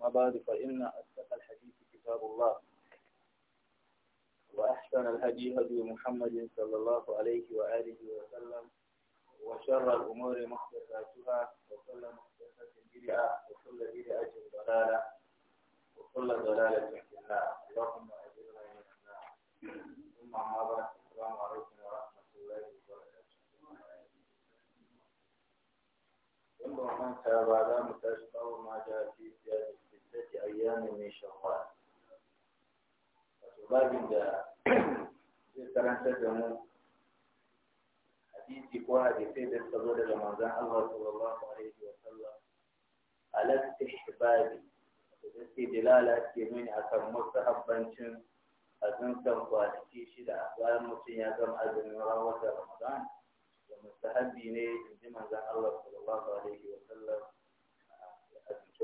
ما بعد فإن أصدق الحديث كتاب الله وأحسن الهدي هدي محمد صلى الله عليه وآله وسلم وشر الأمور محدثاتها وكل محدثة بدعة وكل بدعة ضلالة وكل ضلالة في الله اللهم أجرنا إلى النار ثم ما بعد السلام عليكم ورحمة الله وبركاته ثم ما بعد لا متشبه ما جاء في زيادة أيام من شوال فتلاقي إذا جئت أن تدعو حديثي قواعد في الصدور رمضان الله صلى الله عليه وسلم على استحبابي في دلالة كمين أكبر مستحب بنشن أزم كم قواتي شدع أقوال مسيح أزم أزم روضة رمضان ومستحبيني إن الله صلى الله عليه وسلم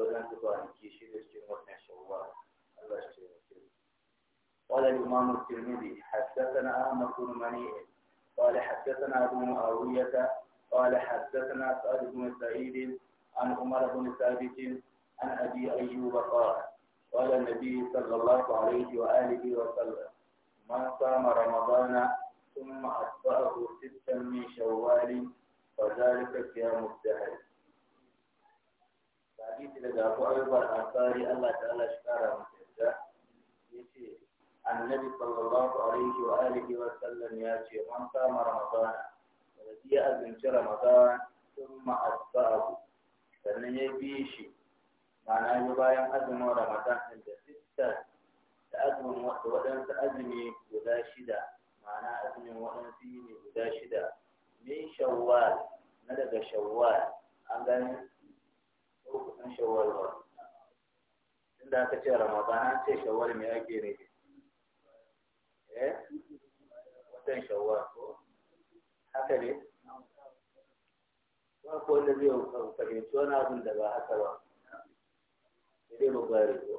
waɗansu kwanaki shida cikin watan shawwal Allah shi taimake mu قال الإمام الترمذي حدثنا أحمد بن منيع قال حدثنا أبو معاوية قال حدثنا سعد بن سعيد عن عمر بن ثابت عن أبي أيوب قال قال النبي صلى الله عليه وآله وسلم من صام رمضان ثم أتبعه ستا من شوال فذلك صيام الدهر hadisi daga Abu Ayyub al-Ansari Allah ta'ala shi kara masa yadda yace Annabi sallallahu alaihi wa alihi wa sallam ya ce man sama Ramadan da ya azinci Ramadan thumma asbahu sannan ya bi shi ma'ana ya bayan azumin Ramadan din da sitta da azumin waɗansu azumi guda shida ma'ana azumin waɗansu ne guda shida min shawwal na daga shawwal an gani uku ɗin shawwal ba inda aka ce ramadana an ce shawar me ake ne eh watan shawar. ko haka ne ba ko wanda zai fahimci wani abin da ba haka ba sai dai bugari ko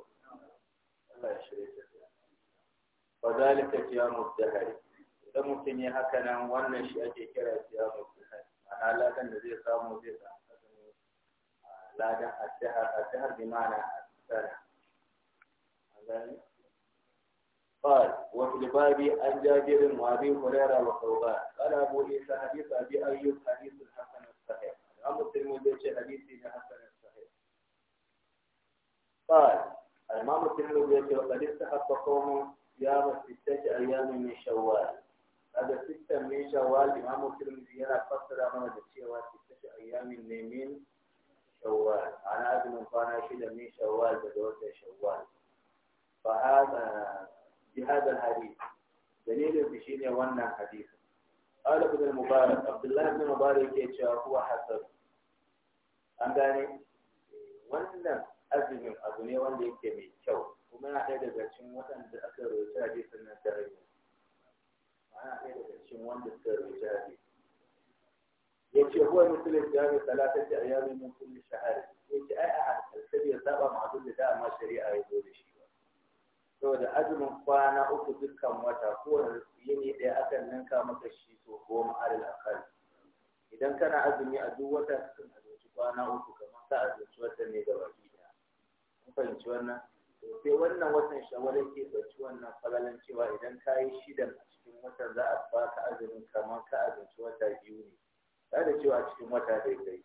Allah ya shirya ta fa zalika qiyamud dahri idan mutum ya haka nan wannan shi ake kira qiyamud dahri ma'ana lakan da zai samu zai samu لا الشهر الشهر بمعنى السنة قال وفي الباب عن جابر وابي هريره وثوبان قال ابو عيسى حديث ابي ايوب حديث الحسن الصحيح الامر الترمذي حديث ابن حسن الصحيح قال الامام الترمذي وقد استحق قوم صيام سته ايام من شوال هذا سته من شوال الامام الترمذي يرى فسر هذا الشيء سته ايام من شوال انا ادم فانا شيء من شوال بدوت شوال فهذا بهذا الحديث دليل بشين يوانا حديث قال ابن المبارك عبد الله بن مبارك يتشا هو حسب عندني وانا ازم ازمي وانا يكمي شو وما احيى دجاجين وانا اذا اكرر يتشا جيس من الدرجة وانا احيى دجاجين وانا اذا اكرر يتشا جيس yace huwa muslim ya ga salatati ayami min kulli shahr yace ai a alkalbi ya saba ma duk da amma shari'a ya zo da shi ba saboda azumin kwana uku dukkan wata kowane yini ɗaya akan ninka maka shi ko goma alal akal idan kana azumi a duk wata cikin azumci kwana uku kamar ka azumi wata ne da baki da kun fahimci wannan sai wannan watan shawarar ke bacci wannan falalan cewa idan ka yi shidan a cikin watan za a baka azumin kamar ka azumci wata biyu ne ta da cewa cikin wata da kai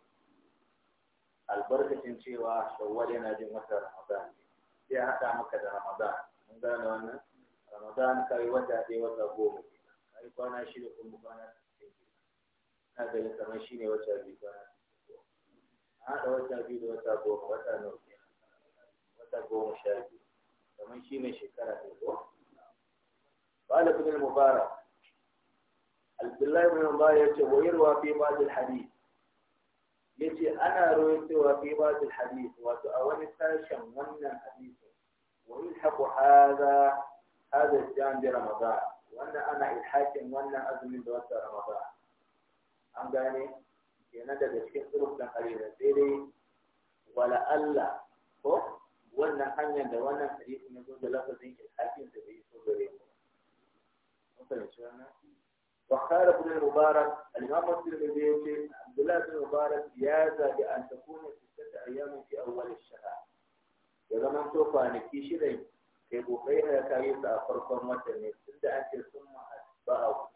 albarkacin cewa shawwal yana jin wata ramadan sai ya haɗa maka da ramadan mun gane wannan ramadan kai wata ɗaya wata goma kai kwana shida kuma kwana na ganin kamar shine wata biyu kwana a haɗa wata biyu da wata goma wata nawa wata goma sha biyu kamar shine shekara ɗaya ko قال ابن المبارك abdullahi bin umar ya ce wayar wa fi ba'dil hadith yace ana wa fi ba'dil hadith wato a wani sashen wannan hadisi wa yulhaqu hadha hadha jan jam bi ramadan wannan ana ilhaqin wannan azumin da wata ramadan an gane kenan daga cikin turkan arewa sai dai wala Allah ko wannan hanyar da wannan hadisi ne zo da lafazin ilhaqin da bai so gare mu. Mun fahimci wannan? وقال ابن المبارك الإمام الترمذي عبد الله بن المبارك جاز بأن تكون ستة أيام في أول الشهر. إذا ما سوف أن يكيش لي في بوخينا كايس آخر قوم وتنمي ستة أشهر ثم أتباعه.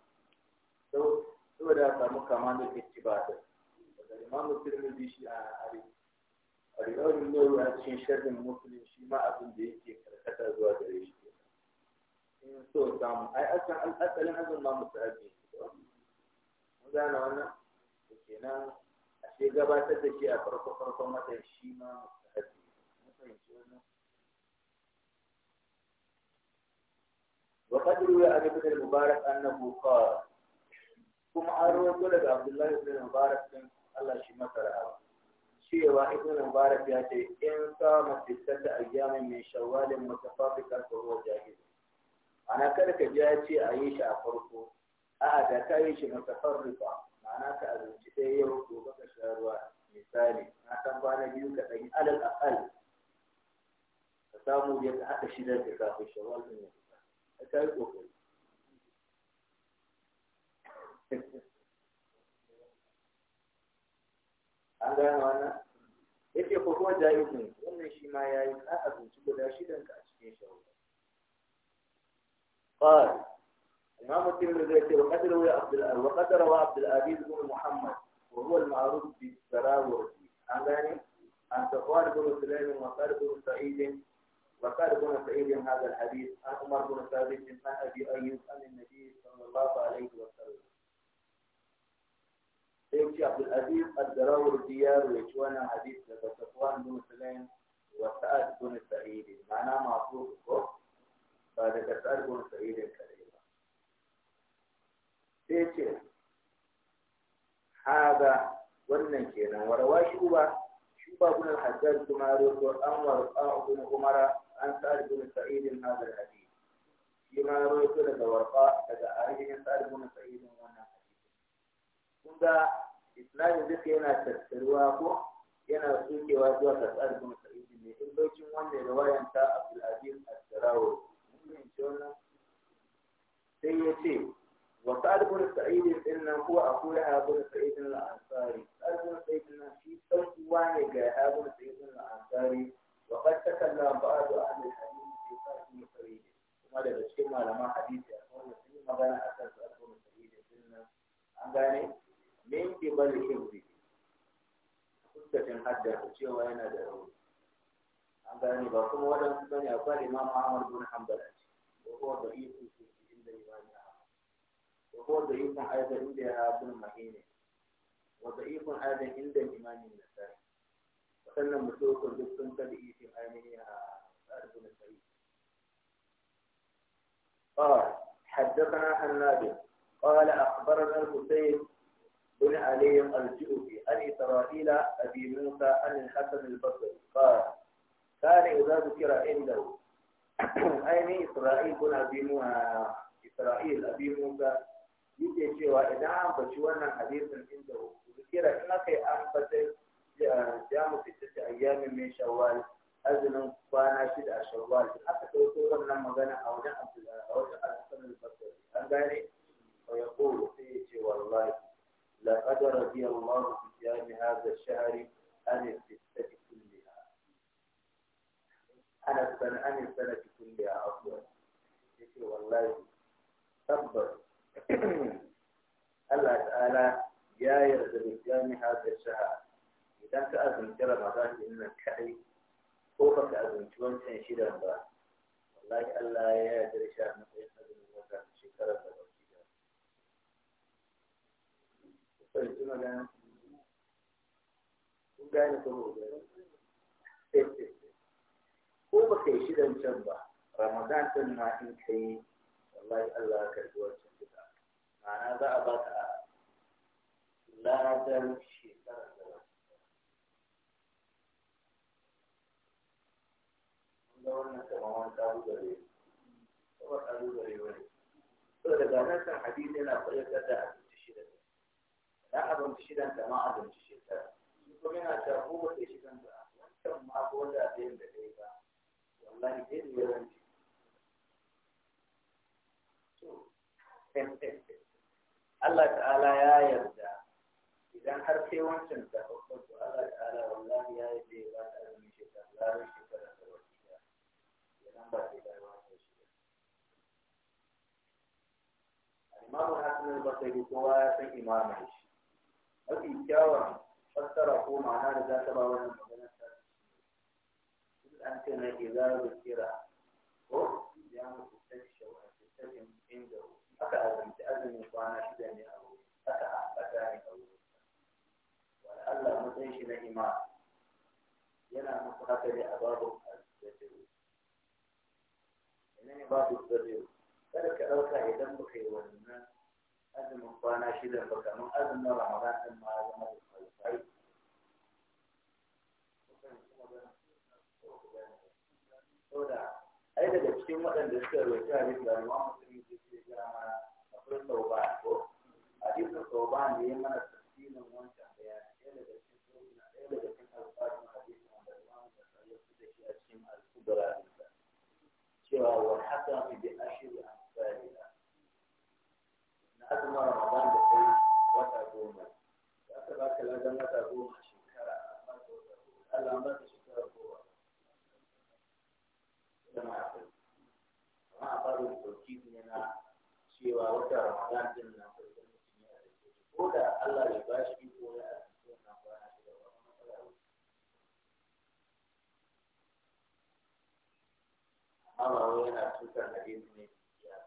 سو سو ذا كم كمان الاتباعات. الإمام الترمذي شيء أري أري أول من يقول أن شيء شرط المسلم شيء ما أظن ديك كذا زواج ريشي. so samu ai asalin asalin azumin ma musahabi mun gane wannan to kenan ashe gabatar da shi a farko farkon watan shi ma musahabi mun fahimci wannan وقد روي عن ابن المبارك انه قال كما اروى لك عبد الله بن المبارك الله شيما ترى cewa ibn mubarak ya ce in sama sittata ayyamin min shawwal mutafafika fa huwa jahil ana kada ka biya ce a yi shi a farko a'a da ka yi shi mutafarrifa ma'ana ka abinci ɗaya yau ko baka sha ruwa misali na san kwana biyu ka ɗan alal akal ka samu ya ka haɗa shi da ka kafin shawar ɗin ya fita ka kai ƙoƙari an gane wannan yake ko kuma ne wannan shi ma ya yi ka abinci guda shidan ka a cikin shawar قال الإمام الترمذي يقول يا عبد وقتل عبد العزيز بن محمد وهو المعروف بالسراوردي عن ذلك عن صفوان بن سليم وقال بن سعيد وقال بن سعيد هذا الحديث عن عمر بن ثابت عن ابي ايوب عن النبي صلى الله عليه وسلم. يمشي عبد العزيز الدراور الديار ويشوانا حديث لدى صفوان بن سليم وسعد بن سعيد معناه معروف ba daga tsargun sa'idin kare ba sai ce haga wannan kenan warawa shi uba shi ba gunan hajjar kuma roto an warfa ibn umara an sa'ad ibn sa'id hadal hadith shi ma daga warfa daga ainihin sa'ad ibn sa'id wannan hadith kun ga isnadin duka yana tattaruwa ko yana tsukewa zuwa ga sa'ad ibn sa'id ne in bacin wannan riwayan ta abdul sai ya ce wa sa'ad bin sa'id din huwa sa'id al-ansari sa'id shi sauwa ne ga abul sa'id al-ansari wa qad takalla ba'd ahli al-hadith fi sa'id sa'id kuma daga cikin malaman hadisi a wanda sun magana akan sa'ad sa'id din nan an gane min cewa yana da rauni an gane ba kuma waɗansu bane akwai imam ahmad bin hanbal a ciki ko kuma da yusuf sufi inda imam ahmad ko kuma da yusuf aidan inda ya bin mahine wa da yusuf aidan inda imam nasai waɗannan mutum duk sun kada yusuf ainihin a tsarin nasai قال حدثنا عن نابل قال أخبرنا الحسين بن علي الجوفي عن إسرائيل أبي موسى عن الحسن البصري قال ذكر عنده أين إسرائيل كنا بيمو إسرائيل أبيمو يجي شوى إدعام بشوانا حديثا عنده ذكر إن في أنفس جامو في ست أيام من شوال أزنو فانا شد شوال حتى توتورا من المغانا أو نعم في الأرض أو نعم في الأرض ويقول في شوى الله لقد رضي الله في أيام هذا الشهر أن في ست أنا السنة أنا السنة كلها أفضل يقول والله تبر الله تعالى يا يرزل بإسلام هذا الشهر إذا أنت أزم ترى مغاش إن كأي فوق أزم تون تنشيرا با والله الله يا يرزل الشهر مطيق أذن وكان شكرا لك فهمت مغانا وقال لكم ko ba kai shi da can ba ramadan din ma in kai wallahi Allah ya karbi wancan duka ma'ana za a ba ka ladan shekara da ga wannan kamar wani kalubale kamar kalubale wani to daga nan kan hadisi yana fayyadar da abinci shida na abinci shidan da ma abinci shekara kuma yana ta ko ba kai shidan da wancan ma ko da ɗayan da والله جد Allah ta'ala ya yarda idan har sai wancan ta hukunta Allah ta'ala wallahi ya yarda ya ba ta azumi shekara larin shekara da wasu ya nan ba sai da wasu shi Imamu Hassan al-Basri kowa ya san imamin shi mafi kyawun fassara ko ma'ana da za ta ba wannan magana أنتنا إذا ذكر ko ya mutu sai shawara ce sai inda aka azumta azumin kwana shida ne a wuri aka ambata ne a wuri wala Allah mutum shi na ima yana muku haka ne a babu azzajiru ina ne babu azzajiru kada ka ɗauka idan muka yi wannan azumin kwana shida ba kamar azumin ramadan ɗin ma zama da kwalifai saboda ai daga cikin waɗanda suka rubuta hadisi da Imam Muslim ke ce gara mana akwai tauban ko hadisin tauban da ya mana tafsirin wancan bayani ɗaya daga cikin tauban ɗaya daga cikin alfarin hadisin da Imam Muslim ya fi da shi a cikin al-kubra cewa wa hasan bi ashri amsalina na azumin Ramadan da kai wata goma za ka ba ka ladan wata goma shekara Allah mata zama a kai amma a babin tauki ne na cewa wata ramadan din nan ko da mutum ya rike ko da Allah ya ba shi iko ya arziki wannan kwana shi da wani matsala amma ba wai yana tutar da yin ne ya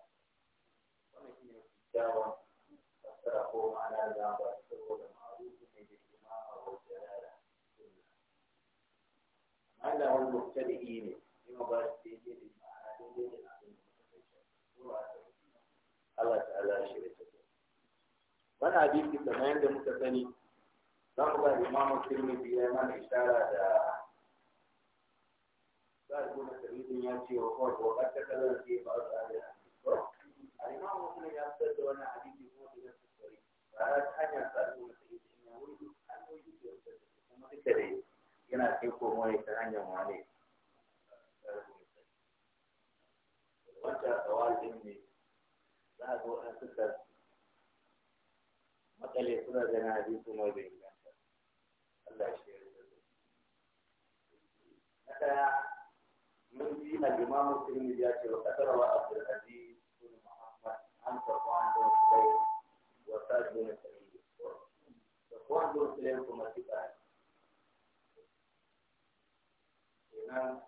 wannan shi ne kyakkyawan fassara ko ma'ana da zama ba saboda ma'arufi ne da imama wa jalala amma da wani mubtadi'i ne ima ba shi Allah ta'ala ya shirya ta wani hadisi kamar yadda muka sani za mu ga imamu tirmidhi ya mana ishara da za a gona tarihin ya ce wa kawai ko kasta kalar ke ba a tsari a al'imamu musulun ya fitar da wani hadisi kuma da zai tsari ba a hanyar tsari wani tarihin ya wuri duk hanyoyi da ya fitar da kuma duka dai yana kai komo ya ta hanyar wane wancan tsawalin ne za a zo an suka matsale suna gana hadisi mai bai inganta Allah shi ya rubuta na daya mun ji al-Imam Tirmidhi ya ce wa qadara wa Abdul Aziz bin Muhammad an tarwan da sai wa sajin sai da kwan da sai kuma tika kenan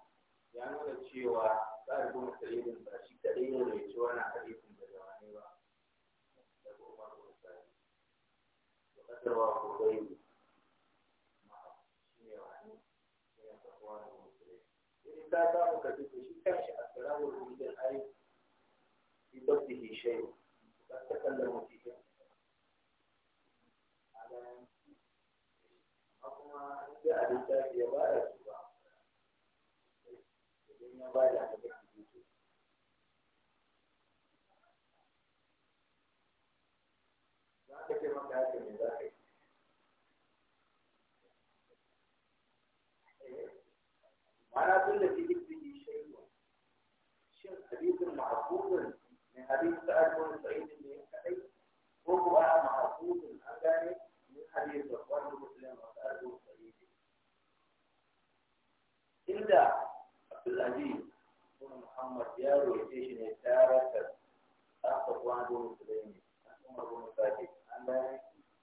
ya nuna cewa sa'ad bin Sa'id ba shi kadai ne mai ci wannan hadisi استوى حديبي ta samu ka fito shi kanshi a tsirawar wajen ai fi dabbi ke shai ba ta kallon mutu ke a kuma inda a littafi ya ba da su ba idan ya ba da على كل في جسمه شيء شيء حديث معقول من حديث سعد بن سعيد بن يحيى وهو معقول عن من حديث اخوان مسلم وسعد بن سعيد إلا عبد العزيز بن محمد يارو يتيش نتارة أخوان بن سليم عمر بن فاتح عن ذلك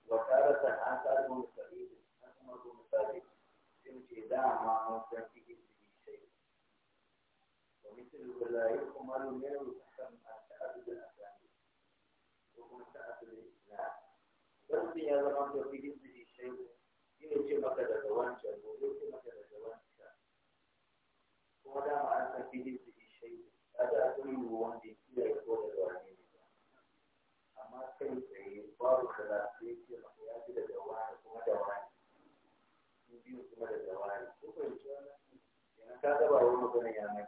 وتارة عن سعد بن سعيد عن عمر بن فاتح تمشي دعما من مثل ولا يحمل منه حكم ما تأتي الأسانيد وما تأتي الإسلام بس يا زمان في جسدي شيء يجي مكة دوان جابوا يجي مكة دوان ولا ما أنت في جسدي شيء هذا كل واحد كده يقول الواحد أما كل شيء بارو خلاصي يجي مكة دوان وما دوان يجي مكة دوان وكل شيء يعني كذا بارو مكة يعني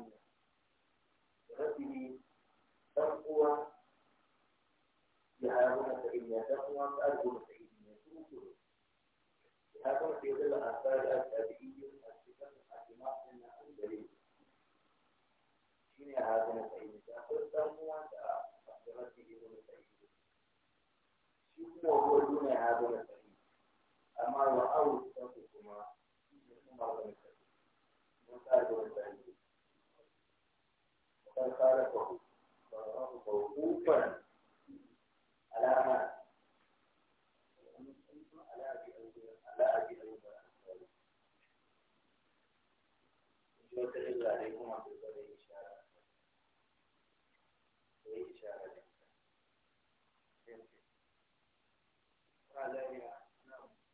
هذا الصحيح أما وأوسطهما عمر بن سعيد وسعد بن سعيد وقد خالفه فرواه موقوفا على ما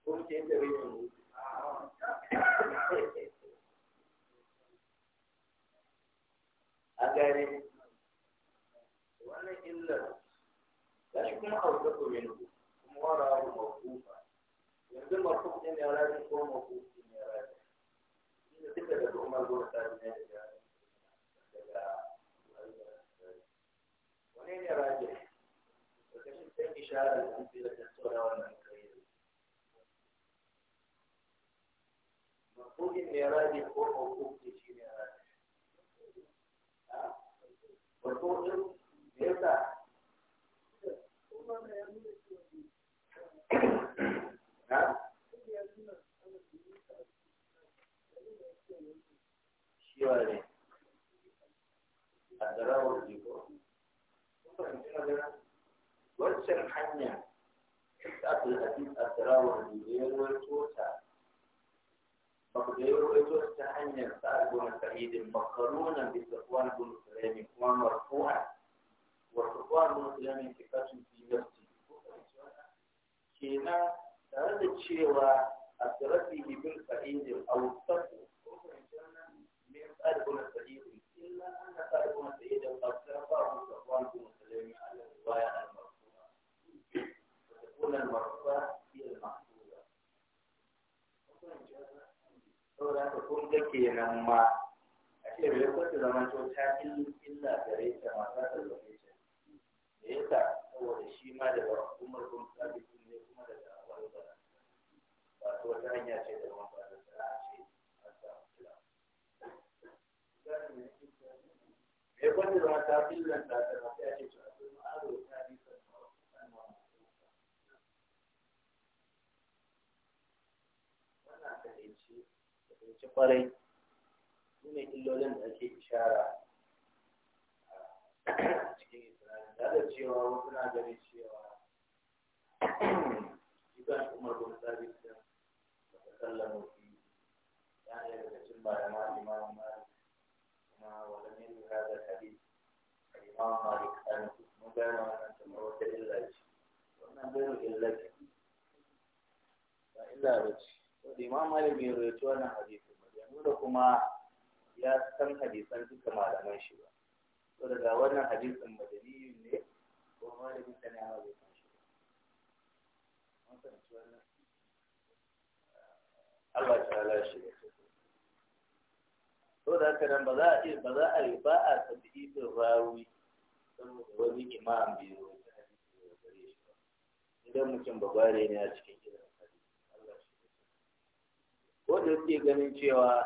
ko ce yadda bai tsoro a gane wannan illar gashi kuma a wuce ko yin kuma wara abu mafufa yanzu mafufa ne ya rajin ko mafufa ne ya rajin inda duka daga umar gona ta ne daga daga wani ne rajin da kashin sai isharar da kuma da tsoron wannan ko in ne rabi ko ko ke shi ne rabi wato in me yasa shi a darawar jiko wancan hanya ta aka a darawar jiko ya ruwaito فقد يروي عن سعد بن سعيد مقرونا بصفوان بن سليم كما مرفوعا وصفوان بن سليم ثقة في نفسه كنا ترى cewa a tsarafi bin sa'idin nan ma a ce bai kwanta zaman to ta illa gare ta mata da lokaci me yasa saboda shi ma daga umar bin sabi ne kuma daga wani wato wata hanya ce da wani a ce an samu kila me kwanta zaman ta fi ta ta ma sai a ce to aro ta bi kan ma wannan kadaici kwarai ishara a cikin isra'ila da da cewa wasu na ganin cewa ibn umar bin sabit da ta sallama fi ya ne daga cikin malama imamu malik kuma wala min hada hadith imam malik an mun ga wannan kamar wata illa ce wannan bai illa ce ba illa ba ce to imam malik bai rawaito wannan hadisi ba da kuma ya san hadisan duka malaman shi ba to daga wannan hadisin madaniyun ne ko malamin ta ne hawa bai san shi ba Allah ta ala shi da su to da haka nan ba za a yi ba za a yi ba a tafi rawi saboda wani imam bai zo ta hadisi da gare shi ba idan mutum babare ne a cikin gidan hadisi Allah shi da ko da suke ganin cewa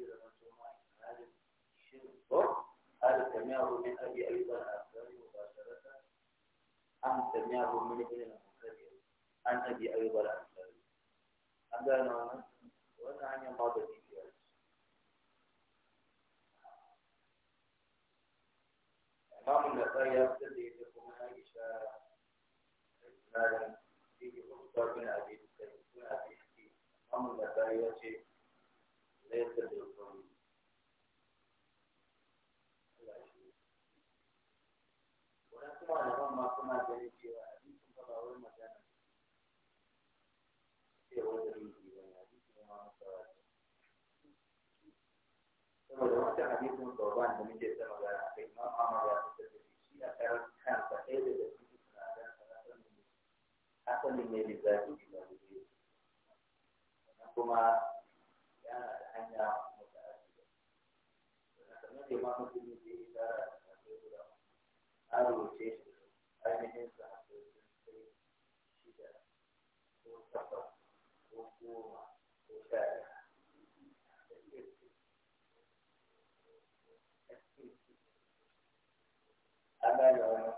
هل سمعه من أبي أيضا الأنصاري مباشرة أم سمعه من أبي أيضا الأنصاري أم أنا وأنا عن ينبغي في فيها إمام النسائي يبتدي بكم عائشة إسنادا في مختار بن أبي بن أبي حكيم إمام النسائي يأتي ليس ɗaliban ma suna ganin cewa hadisin ba wai magana cewa da rubi ba ne hadisin ma masara saboda wancan hadisin sauran da muke ta magana a kai ma ma ya fita da shi na karar kansa ɗaya daga cikin sinadaran sanatan asalin mai lissafi da rubi kuma yana da hanya mutu'addiya kamar da ma mutum ne ke isara an rubuce shi ainihin sahabbai sun kai shida ko takwas ko goma ko sha an gane wani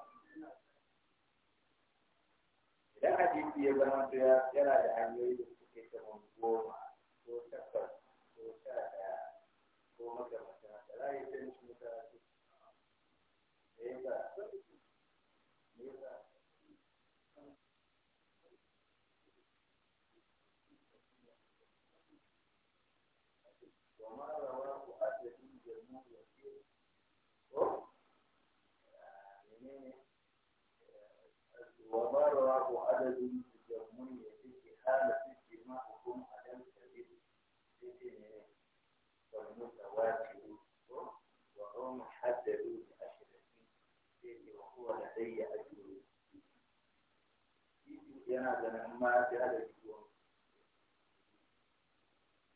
idan hadisi ya zama yana da hanyoyi da suke kamar goma ko takwas ko sha ko makamata da za ta mutane da وضرب عدد تجمعي في حالة اجتماعهم على الكذب والمتواتر وهم حددوا بعشرة وهو لدي أجر جنازة ما جهل بهم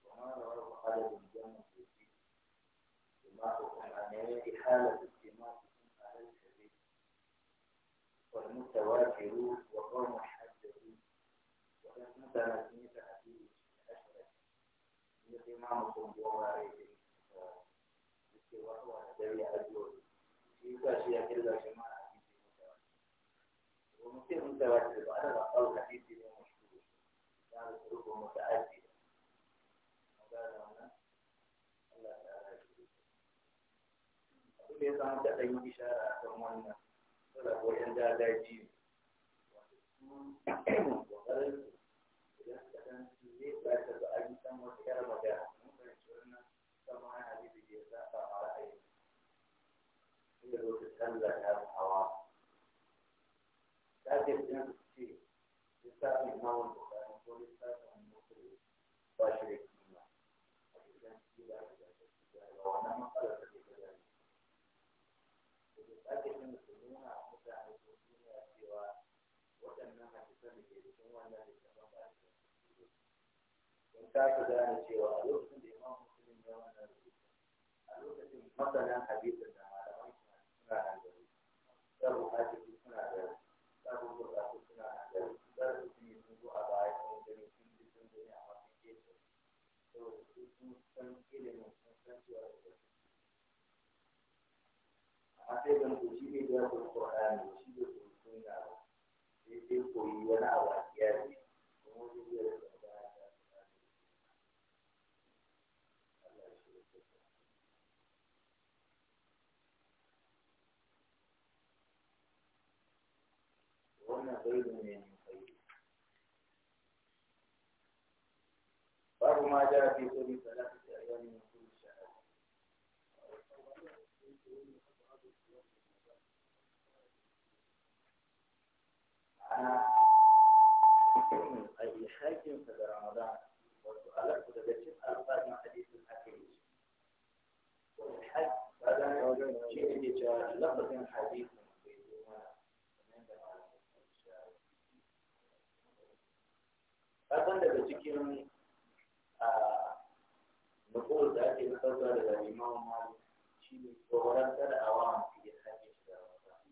وما رواه عدد جمع في حالة التواتر وقوم الحجة وقد مثل سنة أبي الأشعري من الإمام الصنبوري وهو نبي أدور يكاشي كل جماعة ومثير متواتر وعلى الأقل حديثي مشهور كان سلوكه متعددا وقال هنا الله تعالى يقول لي كان تقيم إشارة كمان suna ko yan dalaji Thank you. sake gane cewa a lokacin da imam musulun ya wannan rubutu a lokacin masana hadisin da malaman suna da gari da buhari suna da gari da buhari suna da gari da buhari sun zo a baya sun gani sun ji sun gani a wasu kece saboda su sun san ilimin sun san cewa da gari amma sai ban ku shi ne da ya kuma ƙorani shi da kuma suna sai sai koyi wani abu a kiyar ne أنا يعني باب ما جاء في كل ثلاثة أيام من كل شهر أنا أي حاكم في رمضان وسألت تجسم ألفاظ من حديث الحكيم والحج هذا شيء لفظ الحديث kasan daga cikin nufur da ake fitarwa daga liman mali shi ne tsoron kada a wa masu ya sake shiga wata ya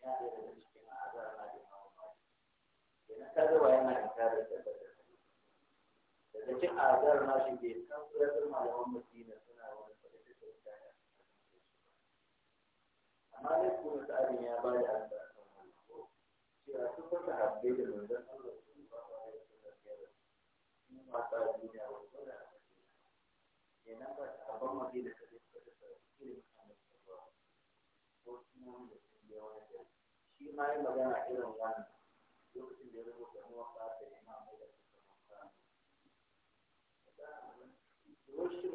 da daga cikin azar na liman mali yana kazawa yana inkarar da daga daga cin azar na shi bai san tsoron malaman madina suna wani fadita da ta yi amma ne kuma tsarin ya ba da azar kan wani ko cewa sun fata habbe da manzan Allah shi ma yi magana da ya rubuta mawaka da imamu da wasu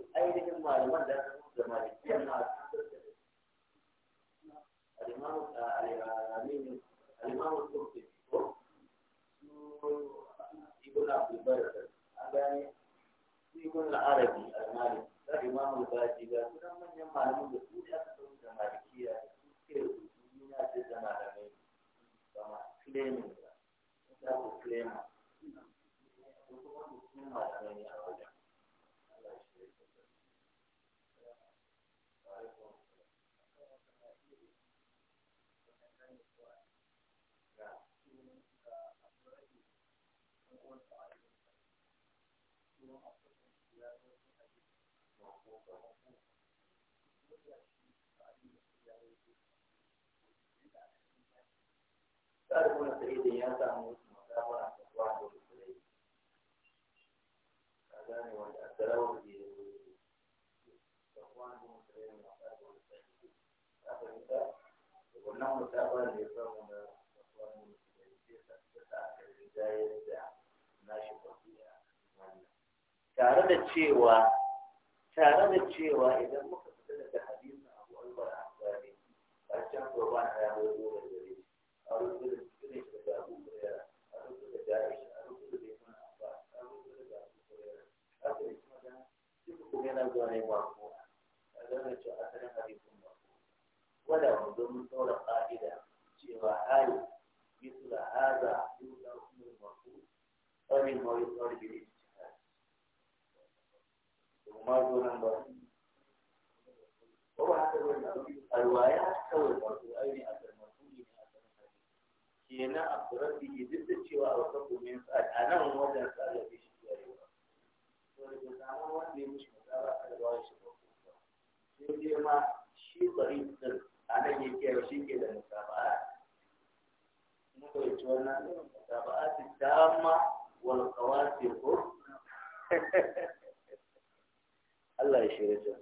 da da malikiyar na alimamu gani sai kun arabi a mali sai ma mu ba ji ga kuma manyan malamin da su da su da malikiya su ke yi na da zama da mai ba ma claiming da ku claim ko kuma mu kuma da mai Sa'ad ibn Sa'id ya samu wasu musamman a kasuwa da wasu rai. Ka gane wanda a sarawar da ya zo. Kasuwa da wasu rai na kasuwa da wasu rai. Ka fahimta? Da wannan musamman da ya samu na kasuwa da wasu rai. Sai sa ta sa aka rinjayar da nashi wasiya wannan. Tare da cewa tare da cewa idan muka fita daga hadisin abu albar a tsari, ƙarshen gaba na yaro hadisi yana zuwa ne marfu'a kaga ne cewa asalin hadisin marfu'a wala mun don tsora ka'ida cewa hali مثل هذا يوجد حكم المرفوض قبل طيب ما يقال بالاجتهاد ومرض نمبر وهو حسب الروايات او المرفوض اين اثر المرفوض من اثر الحديث كينا اخبرت به ضد الشواء او حكم من فعل انا ومدى فعل به شيء ولكن تعمل وحده مش مهم sai dai ma shi bari din a nan yake yau shi ke da musaba'a mun fahimci wannan musaba'a ta dama wal qawasi ko Allah ya shirya ta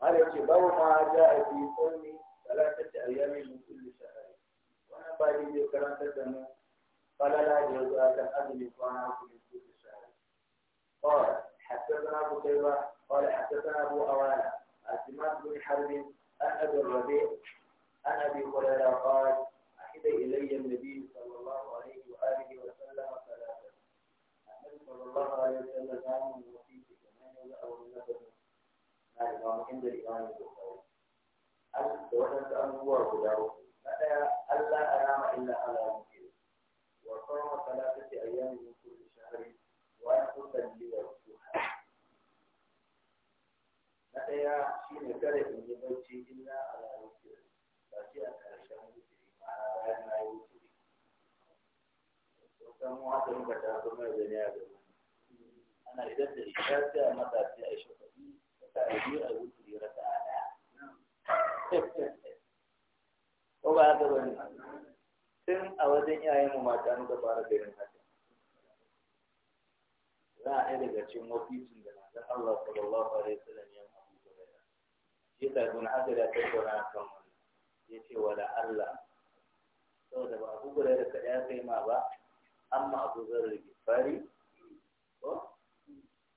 قال يقول باب ما جاء في كل ثلاثة أيام من كل شهر وأنا بالي ذكرت دمه قال لا يجوز أكل أبن وأنا أكل السوق الشهري قال حدثنا أبو قيبة قال حدثنا أبو أوانا أسماء بن حرب أن أبي الربيع أن أبي هريرة قال أحد إلي النبي صلى الله عليه وآله وسلم ثلاثة النبي صلى الله عليه وسلم كان وفي كمان او من نفسه ما الإمام عند الإمام البخاري أن تولد أن هو أبو داود فلا ألا أنام إلا على وصام ثلاثة أيام من كل شهر ويحفظ لي ويصوحا نتيا شين كره إن يبوتي إلا على وكر باجي أكرشان وكري معنا باينا وكري وكما هاتم كتابنا بني آدم أنا إذا تشكرت أمتا تأشفت تأجير وكري رتعنا نعم. وبعد ذلك a wajen iyayenmu mata muka fara ganin haka za a ɗaya daga cikin wafisin da na san Allah sallallahu alaihi wasallam ya Abu Hurairah shi ta haka da ya tattauna kan wannan yace wala Allah saboda ba Abu Hurairah da ya kai ma ba amma Abu zan rage fari ko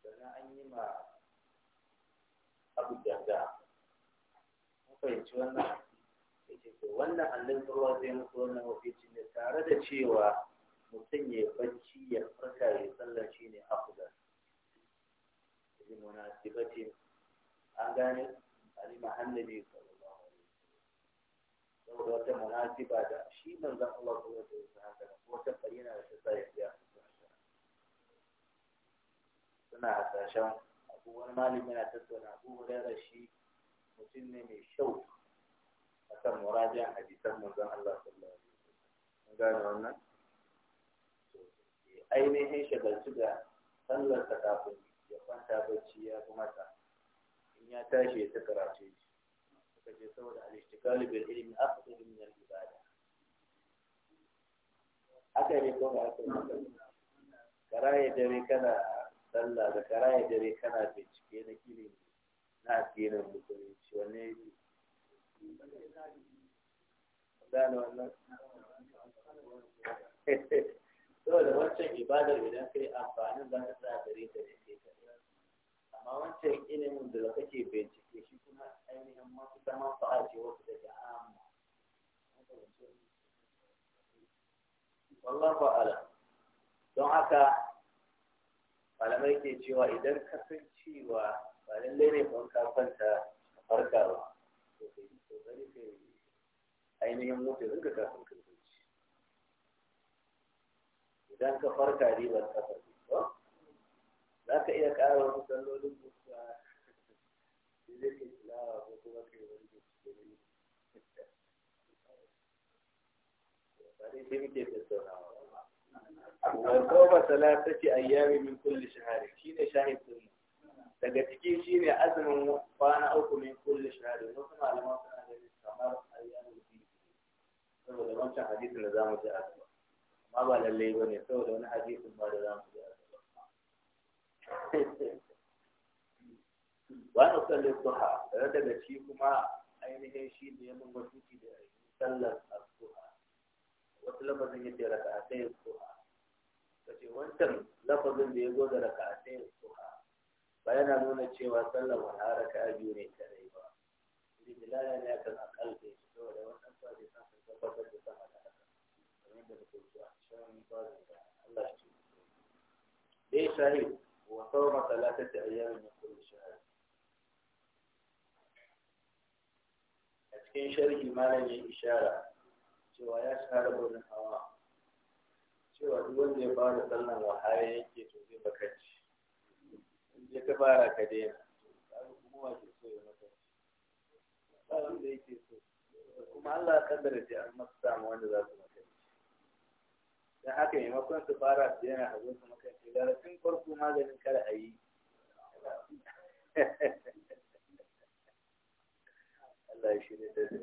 sannan an yi ma Abu da mun fahimci wannan wannan annabi sallallahu alaihi wasallam wannan hukunci ne tare da cewa mutum ya bacci ya farka ya sallar shi ne afdal idan wani sibati an gane alima annabi sallallahu alaihi wasallam saboda wata munasiba da shi manzon Allah sallallahu alaihi wasallam wata bayyana da ta sai ya suna hasashen abu wani malami yana tattauna abu hurairar shi mutum ne mai shauki akan a hadisan manzon Allah sallallahu alaihi wasallam gane wannan ainihin shagaltu da sallar ta kafin ya kwanta bacci ya fi mata in ya tashi ya ta karace shi suka ce saboda al-ishtiqalu bil ilmi afdal min al-ibada aka yi ko aka yi karaye dare kana sallah da karaye dare kana bincike na ilimi na addinin musulunci wanne gane wannan saboda wancan ibadar idan kai amfanin za ta tsaya gare ta da ke amma wancan ilimin da kake bincike shi kuma ainihin masu zama fa'a ce wasu daga amma wallahu ala don haka malamai ke cewa idan ka san cewa ba lallai ne ka kwanta farka ba ka rufe ainihin mutu ka kafin ka zuci idan ka farka ribar kafar ko za ka iya ƙara wasu sallolin mutuwa da zai ke tilawa ko kuma ka yi wani cikin ne sai muke tattaunawa وصوم ثلاثة أيام من كل شهر شين شاهد سنة daga ciki shine azumin kwana uku min kulli shahri wasu malaman kamar ayyamin biyu saboda wancan hadisin da za mu ji asuba amma ba lallai ba ne saboda wani hadisin ba da mu ji asuba wa nusalli duha da daga shi kuma ainihin shi da ya mun wasuci da sallar asuba wasu lafazin ya ce raka'atai duha kace wancan lafazin da ya zo da raka'atai duha ba yana nuna cewa sallar wani haraka biyu ne kadai ليس هي هو صوم ثلاثة أيام من كل شهر. أتكين شرك ما لي إشارة. شو أياس هرب من الهواء. شو أدوان يبارة تلنا وحاية يكي تبقى بكتش. إن جاك بارة كدير. قالوا كموا أجل سيئة sa abin da yake so kuma Allah ya kaddara ce an masu samu wanda za su maka dan haka maimakon su fara su yana hagun su maka ce gara tun farko maganin kada a yi Allah ya shirya da su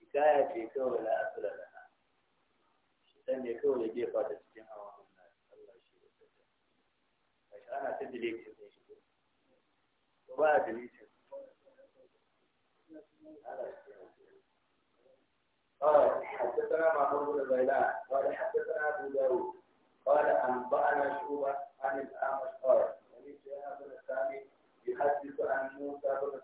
hikaya ce kawai la asala lana shi dan ne kawai ya jefa ta cikin hawa Allah shi ya tsaya ana ta deletion ne shi ba a deletion قال حدثنا محمود بن بيلان قال حدثنا ابو داود قال انبانا شعبه عن الاعمش قال سمعت هذا الثاني يحدث عن موسى بن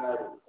أعمالكم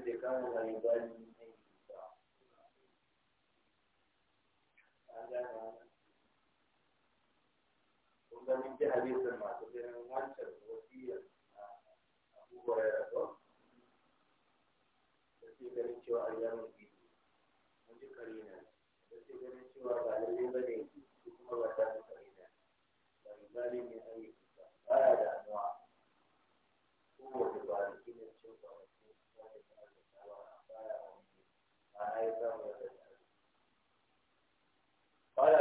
da bai kama rayuwar ne ba. An Kun ga min ji hadisin masu ganin wancan wasiyar a abubuwar ya rasu. Da ke ganin cewa a yamin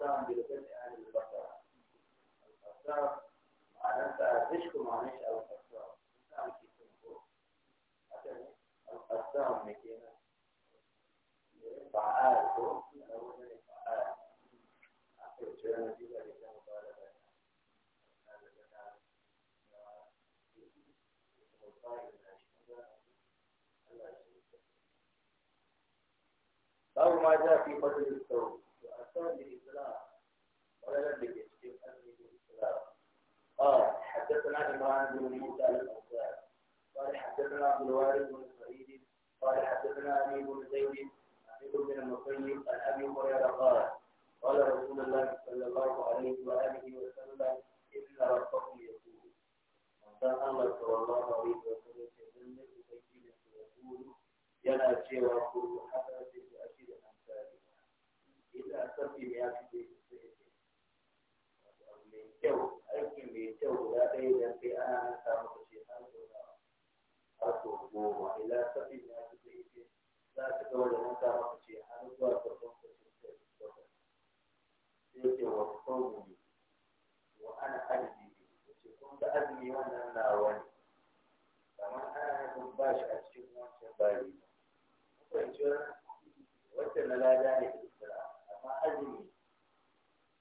الأقسام بلغة أهل البصرة الأقسام معناتها تشكو معناش أو الأقسام الإنسان في سنفور عشان الأقسام مكينة فعال فوق الأول فعال آخر شيء نتيجة لكي مطالبة أو ما جاء في فضل الثوب وأثار به ولا نبدأ في قال حدثنا عمران بن موسى الأنصاري قال حدثنا عبد الوارث بن سعيد قال حدثنا أبي بن زيد عبد بن المسيب عن أبي هريرة قال قال رسول الله صلى الله عليه وآله وسلم إن ربكم يقول من الله صلى الله عليه وسلم يظن بسيد يقول يلا شيء وأقول حسنة بأشد أمثالها إذا أسلم بمئات بيت kyau aiki mai kyau guda ɗaya da kai ana nan samu ka ce har sau har sau goma ila safin ya fi zai ce za su ga wajen nan samu ka ce har zuwa farkon ka ce sai sai ce wa sauri wa ana azumi ya ce kun ga azumi wannan nawa ne kamar ana nufin ba shi a cikin wancan bari kwanci wancan na lada ne da amma azumi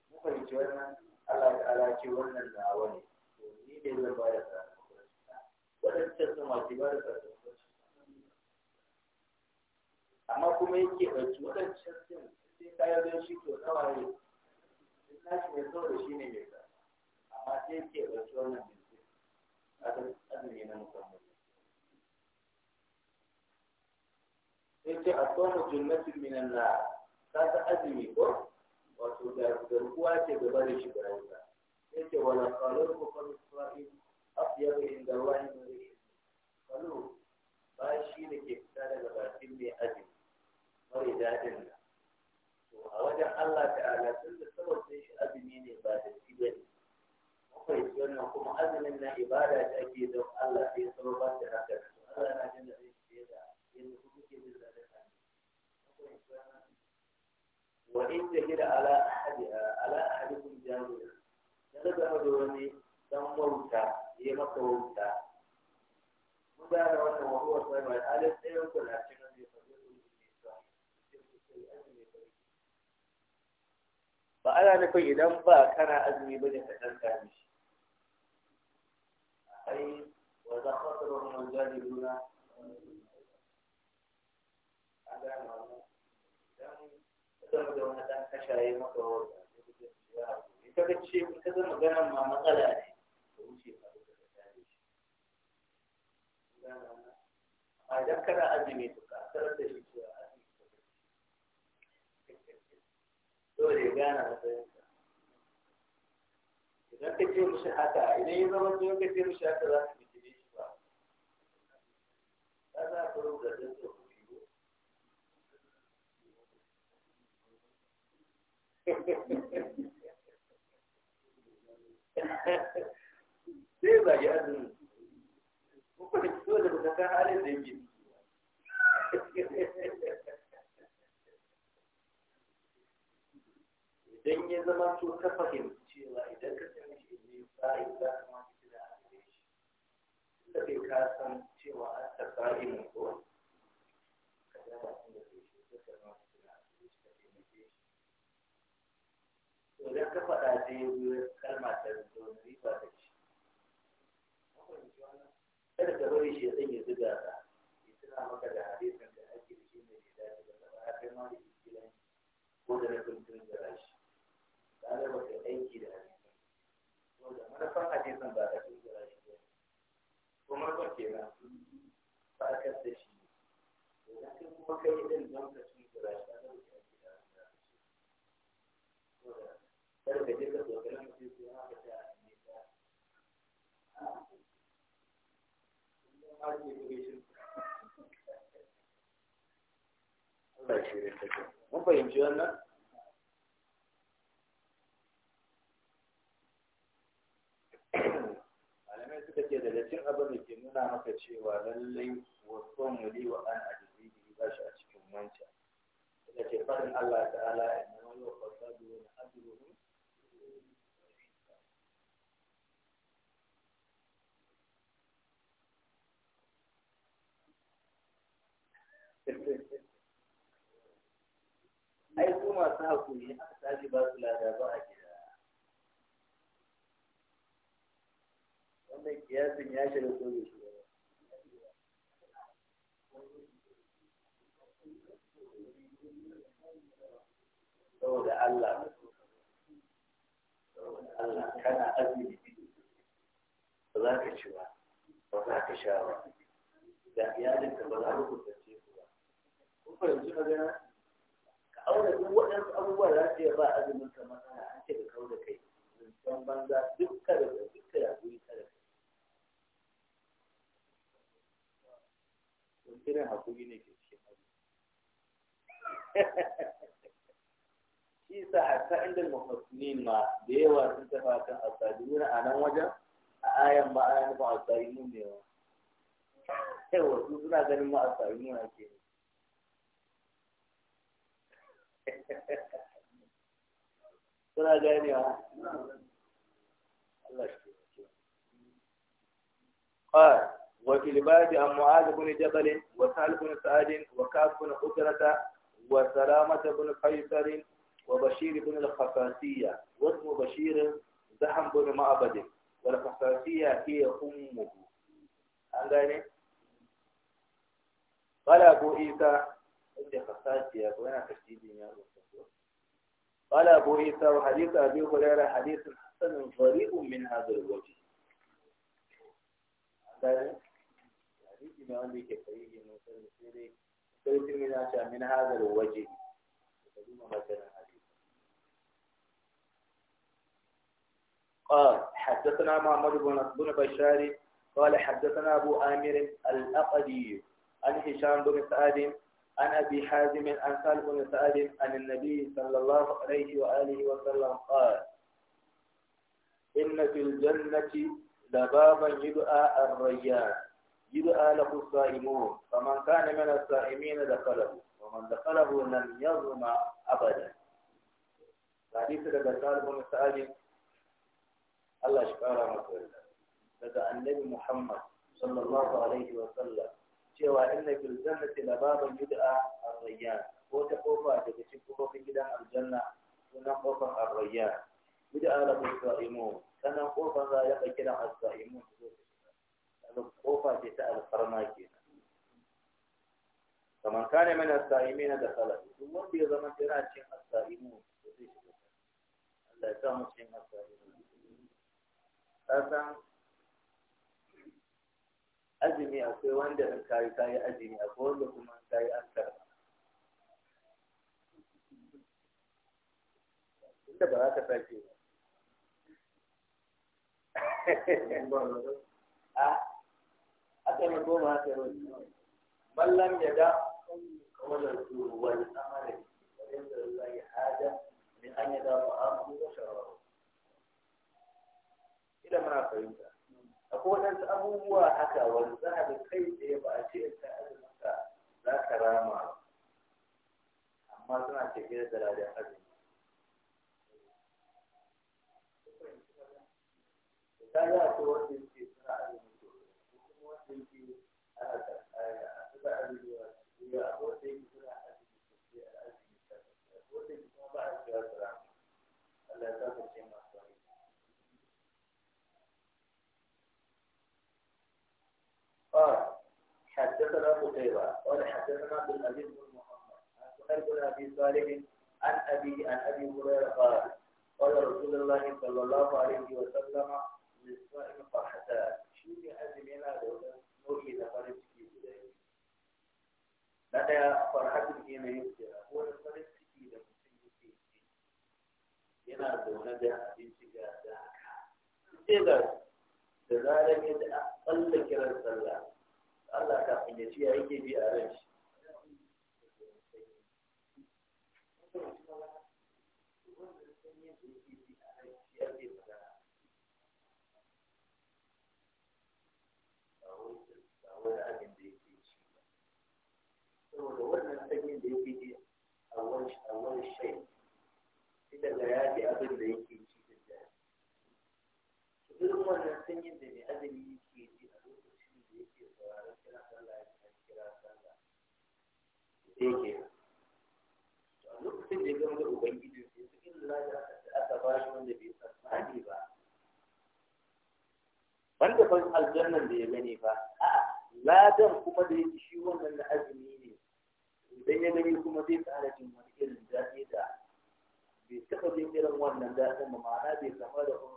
mu fahimci wannan Allah ta'ala wannan na wani ni ne zai bayar da waɗancan su masu ba da amma kuma yake bacci waɗancan sun sai kayan don shi to nawa ne na shi mai saboda shi ne mai sa amma sai yake bacci wannan bincin azumi na musamman sai ce a tsohon jannatin minan na ta azumi ko wato da garkuwa ce gaba da shi ga wuta sai ce wala qalul ku fa isra'il afyabu inda wani mai qalu ba shi ne ke fita daga bakin mai aji mai dadin da. to a wajen Allah ta'ala tun da saboda shi azumi ne ba da shi bane akwai wannan kuma azumin na ibada ta ke don Allah sai sababar da haka Allah na jin da وإن تجد على أحدها على أحدكم جاهلا نغدا مدوني دم موتا يمك موتا مدار وانا وهو صاحب الآلة سيكون عشان في ba ana nufin idan ba kana azumi ba ne ka tanka mishi ai wa za khatarun mujahiduna a gane saboda wani ɗan kasha ya maka wani in ka ce ka ga maganar ma matsala ne ka wuce ka ga ka tare shi a idan kana azumi to ka tarar da shi cewa azumi ka ga dole ya gana matsayinka idan ka ce mishi haka idan ya zama to ka ce mishi haka za ka bi shi ba ka za ka rubuta da sai zagi azumi kuma da kiso da baka san halin da yake idan ya zama to ta fahimci cewa idan ka san shi ne tsari za ka ma kira a gare shi da kai ka san cewa an ta tsari mai kowa to idan ka faɗa sai kalma ta zo riba da shi kada ka bari shi zan yi zuga ka ya tuna maka da hadisin da ake da shi mai da dace da ba kai ma da kilan ko da na kuntun da rashi ka ga ba kai aiki da hadisin ko da manufan hadisin ba ka kuntun da rashi ba kuma ko kenan ba ka da shi idan kai kuma kai din don ka kar mun fahimci wannan malamai suka ce da cin abin da ke nuna maka cewa lallai wasan wuli wa an ajizi ba shi a cikin wancan suka ce faɗin Allah ta'ala inna wa yau fasadu wa na'azuruhum ai su masu hakuri aka tashi ba su lada ba a gida wannan kiyasin ya shiga ko shi saboda Allah saboda Allah kana azumi ba za ka ci ba ba za ka sha ba da iyalinka ba za ka kusance ku ba kun fahimci magana Aure duk waɗansu abubuwa za su iya ba azumin ka matsala an ce ka kau da kai zancen banza duk kada da duk kada ku yi kada kai irin hakuri ne ke cikin azumi shi sa hatta inda mufassirin ma da yawa sun tafa kan asaduna a nan wajen a ayan ba ayan ba asaduna ne wa? yawa su suna ganin ma asaduna ke ne Suna jẹ́ni wa. Ọ̀rẹ́ wàkìlì bá ti àmọ̀ àdìgbò ní jẹ́bẹ̀lẹ̀, wàkà àdìgbò ní sáájì, wàkà àdìgbò ní kókèrèta, wà sára mọ́tà bí ní fayisari, wà bàṣírì bí ní lọ́fàfàsíyà, wà tí mo bàṣírì zà hàn mu. Àgbà ni. Bàdà inda fasaji ya yana tashidin قال أبو عيسى وحديث أبي هريرة حديث حسن غريب من هذا الوجه من هذا الوجه قال حدثنا محمد بن بن بشاري قال حدثنا أبو آمر الأقدي عن هشام بن سعد عن أبي حازم عن سالم بن سعد عن النبي صلى الله عليه وآله وسلم قال إن في الجنة لبابا يدعى الريان يدعى له الصائمون فمن كان من الصائمين دخله ومن دخله لم يظلم أبدا حديث هذا سالم بن Allah الله kara masa daga النبي محمد صلى الله عليه وسلم cewa inna fil jannati lababan yud'a ar-rayyan ko ta kofa daga cikin kofofin gidan aljanna sunan kofar ar-rayyan yud'a la musaimu sanan kofar za ya ka kira as-saimu daga kofa ce ta alfarma kenan kamar kane mana as-saimina da salat duk wanda ya zama tana cikin as-saimu Allah ya sa mu cikin as-saimu kasan azumi akwai wanda in kayi kayi azumi akwai wanda kuma in kayi an karba inda ba za ka sake ba a aka yi goma aka yi ballan ya da kawai su wani amare wanda zai hada min an yi da ba'a kuma shawarar idan muna fahimta akwai waɗansu abubuwa haka wani za a kai tsaye ba a ce in ka za ka rama amma suna tafiya da azumi ta yi a kowa da suna azumi to kuma wanda yake ana da a azumi wa a da suna azumi a azumi ta a kowa kuma ba a cewa su rama Allah ya sa قال حدثنا قتيبة قال حدثنا عبد العزيز بن محمد عن سهيل بن أبي صالح عن أبي عن أبي هريرة قال قال رسول الله صلى الله عليه وسلم للصائم فرحتان شو هذه ينا دولا نوحي لفرد في بداية لدى فرحة الجيمة يبدأ هو الفرد في بداية ينا دولا ده أبين سيجا ده أكا da zarar ya da tsalla kiran sallah Allah kafin ya ci ya yake bi a ran shi saboda wannan sanyin da yake ji a wani shayi idan da ya ji abin da yake irin wannan sanyin da mai azumi yake ji a lokacin da yake sauraron kira sallah ya kan kira sallah sai ke a lokacin da ya gama da ubangiji sai su irin lada da aka ba shi wanda bai tsammani ba wanda ban aljannan da ya gani ba a ladan kuma da yake shi wannan na azumi ne idan ya gani kuma zai tsara jin wani irin daɗi da bai taɓa jin irin wannan daɗin ba ma'ana bai kama da kuma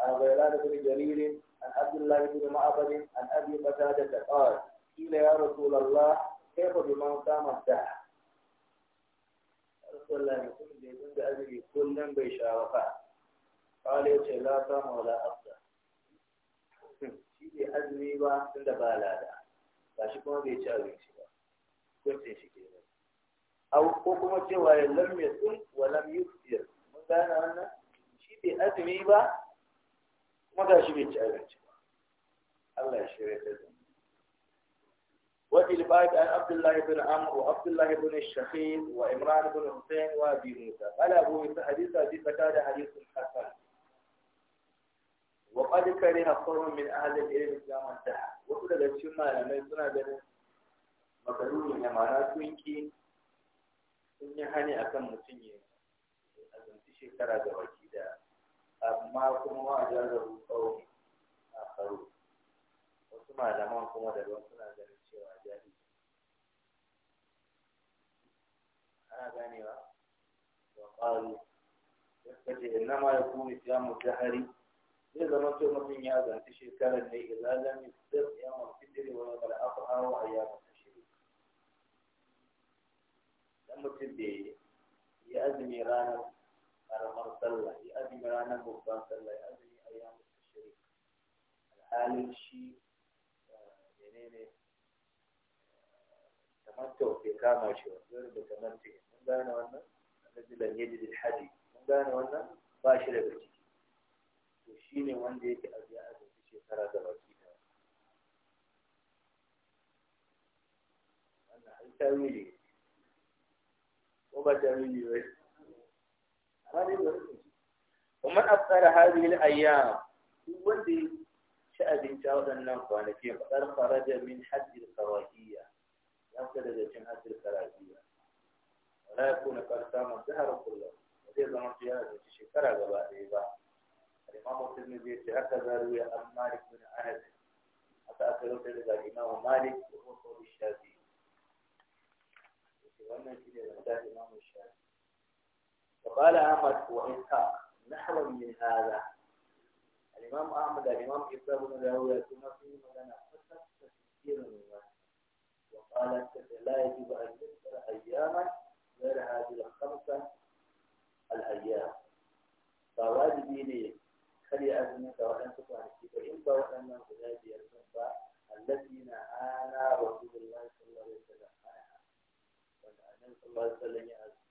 عن غيلان بن جرير عن عبد الله بن معبد عن ابي قتاده قال قيل يا رسول الله كيف بمن قام الساعه؟ رسول الله يقول لي من بأجري كل من بيشاوقا قال يا لا قام ولا أبدا شيء أجري وعند بالادا فشكون بيشاوقين شيء كنت شكي أو كما تقول لم يكن ولم يكثر من كان أنا شيء أدمي matashi bai shirya ta zama wajen bayi da abdullahi ibn wa abdullahi ibn shafin da hadisun hasan wa kwadi kare malamai suna ganin makaru ne na yi hani akan mutum ne a shekara da wajen amma kuma ma a jihar kawo a karo wasu malaman kuma daban suna ganin cewa jari ana ganewa wa ƙaru yadda ce ina ma ya kuni siya mu hari zai zama to mutum ya zanci shekarar ne idan lam yusdar ya mu fitri wa qad afaha wa ayyam tashrik dan mutum da ya azumi ranar karamar sallah ya azumi ranar babban sallah ya azumi ayyamu tashrik alhalin shi menene tamattu bai kama shi ba zai da tamattu mun gane wannan rajulan yajid alhaji mun gane wannan ba shi daga ciki to shine wanda yake azuya azumi shekara da baki da wannan ai tawili ko ba tawili ba ومن أفضل هذه الأيام ولي شأب أن النقوان في قد خرج من حد الكراهية يخرج من حد الكراهية ولا يكون قد سام الزهر كله وفي زمن جهاز شكرا غبائبا الإمام الترمذي هكذا روي عن مالك بن أنس حتى في إلى الإمام مالك وهو قول الشافعي وأنا كده الإمام الشافعي وقال أحمد وإسحاق نحو من هذا الإمام أحمد الإمام إبن بن داوود ثم في مدن فسد كثير وقال لا يجب أن يذكر أياما غير هذه الخمسة الأيام فواجبي لي خلي أذنك وأن تفعلك فإن أن غلاب يرتفع الذين آنا رسول الله صلى الله عليه وسلم عنها والنبي صلى الله عليه وسلم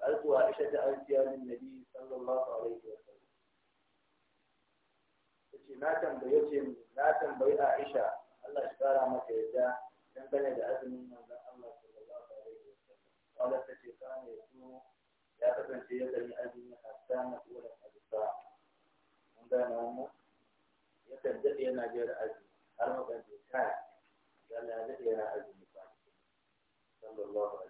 سألتها أشد على امتياز النبي صلى الله عليه وسلم. تجي ما تنبيتي لا تنبي عائشة الله اشترى ما تيدا تنبني بأذن من الله صلى الله عليه وسلم. قالت تجي كان يسمو يا ابن سيدة لأذن حتى نقول الحديثة. من دون أمه يتبدأ إلى غير عزم. قال ما تنبيتها قال لا تنبيتها أذن. صلى الله عليه وسلم.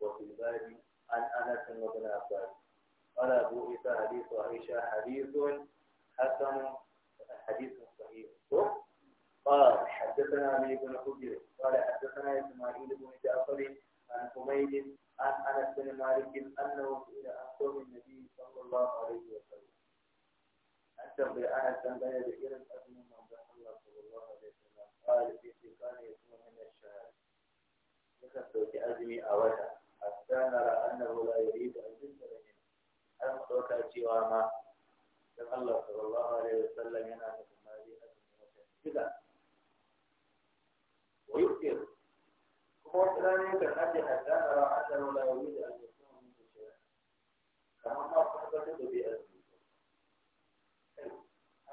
وفي الباب عن أنس وابن عباس قال أبو عيسى حديث عائشة حديث حسن حديث صحيح قال حدثنا علي بن حجر قال حدثنا إسماعيل بن جعفر عن حميد عن أنس بن مالك أنه سئل عن قول النبي صلى الله عليه وسلم أنتم بأنس أنس بن بلد أبن الأذن من الله صلى الله عليه وسلم قال في كان يكون من الشهادة تكفت أزمي أولا الثانر أنه لا يريد أن تنتهي المدوكة جواما كما الله صلى الله عليه وسلم ينعى تماري أزمي وتنفذ ويكثر كما وكلاني كان أجل الثانر أنه لا يريد أن يكون منه شيئا كما ما صحبته بأزمي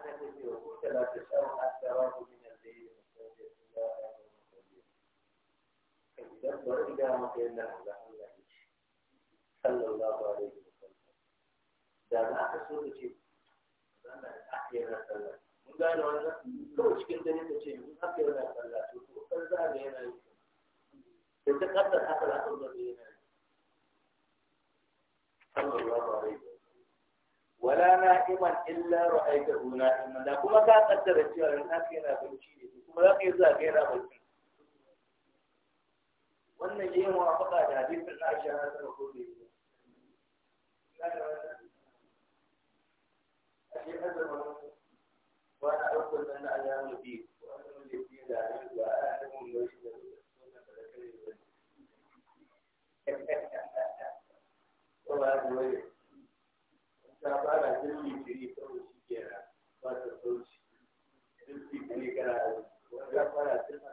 أنا كنت وكنت لا تشاء حتى تراه ينظر إلى مكانه لعله صلى الله عليه وسلم da za ka so da ce zan akiyar sallah mun gane wannan kawai cikin dare ta ce mun akiyar da sallah to ko kan za ga yana yi da ta kaddar haka za ka zo da yana yi sallallahu alaihi wasallam wala na'iman illa ra'aytahu na'iman da kuma ka kaddara cewa in haka yana barci ne kuma za ka yi za ka yana barci wannan ya yi muwafaka da hadisin na aisha na sanar ko da yi a shi azama ba na ɗaukar nan na alamun biyu wannan da biyu da hadisin ba a alamun yau shi da ko ba da wani ta fara jirgin jiri kawai shi kenan ba ta sauci jirgin jiri kana da wani ta fara jirgin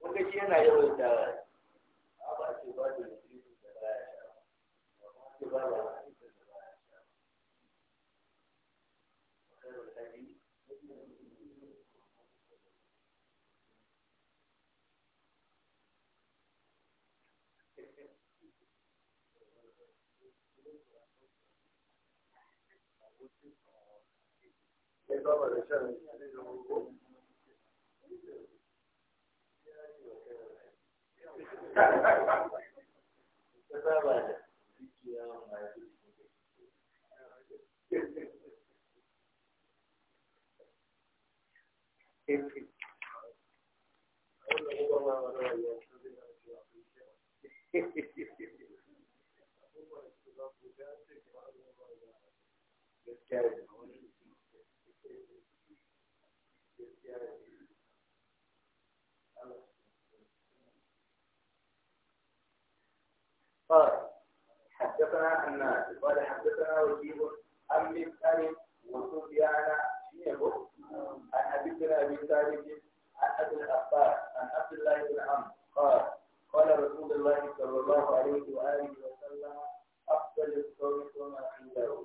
Wanda shi yana yawan da ba ce ba da ba ba ba saba da shan ta saba da Thank you. حدثنا الناس قال حدثنا وكيل عن مسأل وسفيان شنبه عن حديث ابي ثابت عن ابي الاخبار عن عبد الله بن عمرو قال قال رسول الله صلى الله عليه واله وسلم افضل الصوم وما عنده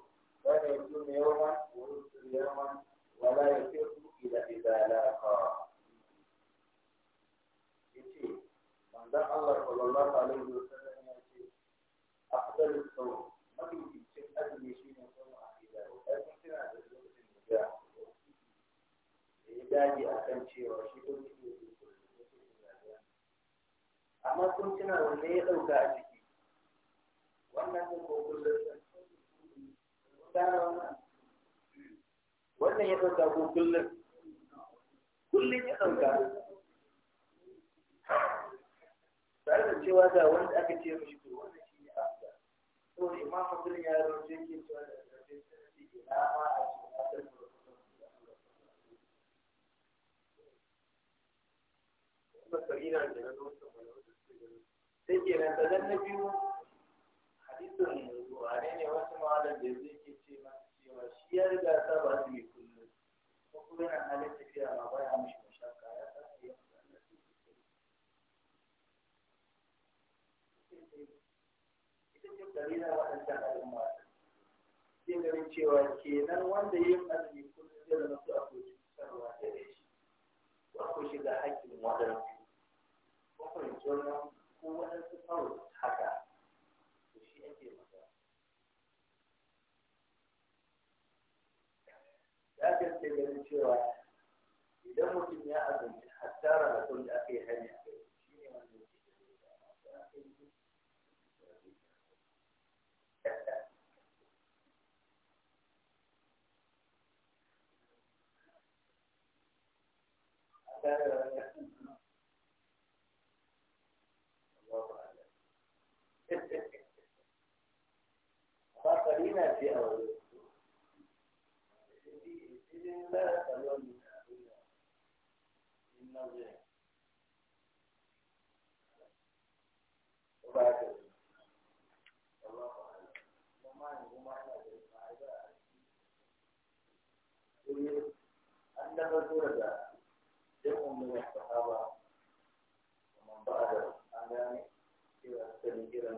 كان يصوم يوما ويفطر يوما ولا يفر الى اذا لاقى يقول من الله صلى الله عليه وسلم afdalus sawm mafi cikin azumi shine da cewa shi don ki yi amma kun tana wanda ya dauka a ciki wannan kun ko kullum wannan ya dauka ko kullum kullum ya ɗauka tare da cewa ga wanda aka ce mashi to wannan so ne ma fadil ya roje ke cewa da sarki sarki ke na ma a ce na da sai ke nan sadan na biyu hadisin wane ne wasu malam da zai ke ce masa cewa shi ya riga ta ba su mai kullum ko kuma yana halin tafiya ma baya mishi dalilin waɗancan al'umma sai ganin cewa kenan wanda yin azumi kullum zai zama su akwai cutarwa da shi ko akwai shiga haƙƙin waɗansu ko fahimci wannan ko waɗansu kawai haka to shi ake magana ya kan sai ganin cewa idan mutum ya azumi hattara da kun da aka yi hanya خلينا في أول لا تلون النظر وبعد الله أعلم وما وما أنا أن الرسول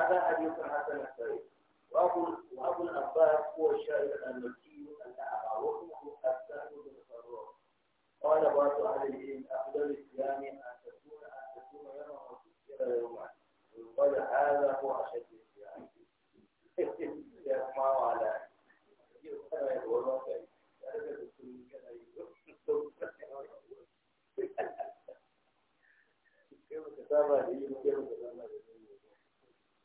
هذا حديث حسن صحيح وأبو وأبو العباس هو الشاعر المكي الأعمى واسمه السهل بن فروخ قال بعض أهل العلم أفضل الصيام أن تكون أن تكون يوما وتكثر يوما ويقال هذا هو أشد الاسلام يسمع على Thank you.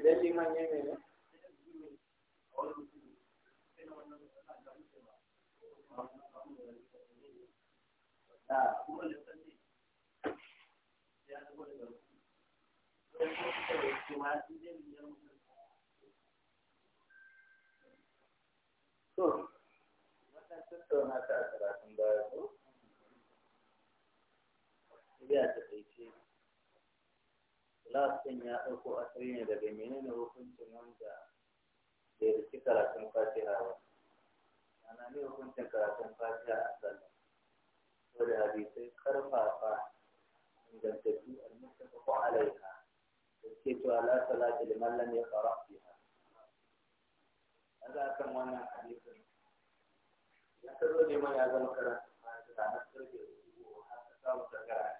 idan liman ya mene So, baya las ɗin ya ɗauko asali ne daga menene hukuncin wanda bai riski karatun fatiha ba ana ne hukuncin karatun fatiha a sallah ko da hadisai karfafa ingantattu al-mustafa alaiha da ke cewa la salata liman lam yaqra fiha kaga kan wannan hadisin ya kazo ne mai ya zama karatun fatiha na karfe uku har ka samu karkara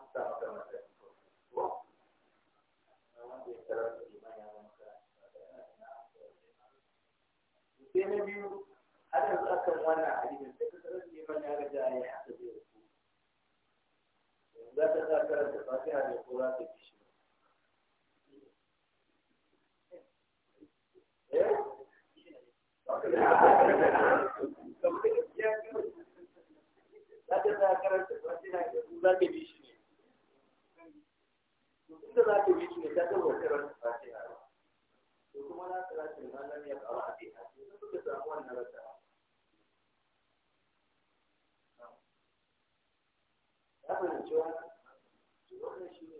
sai na biyu har yanzu akan a hadisin sai ka sanar liman ya gaja ya yi haka zai rufu za ta sa karanta fatiha da eh? za ta kishi za ta karanta fatiha da za ta shi ne inda za ta kishi ne ta tabbata karanta fatiha kuma na tsara shi ma ya a suka samu wannan rasa ya fahimci cewa wannan shi ne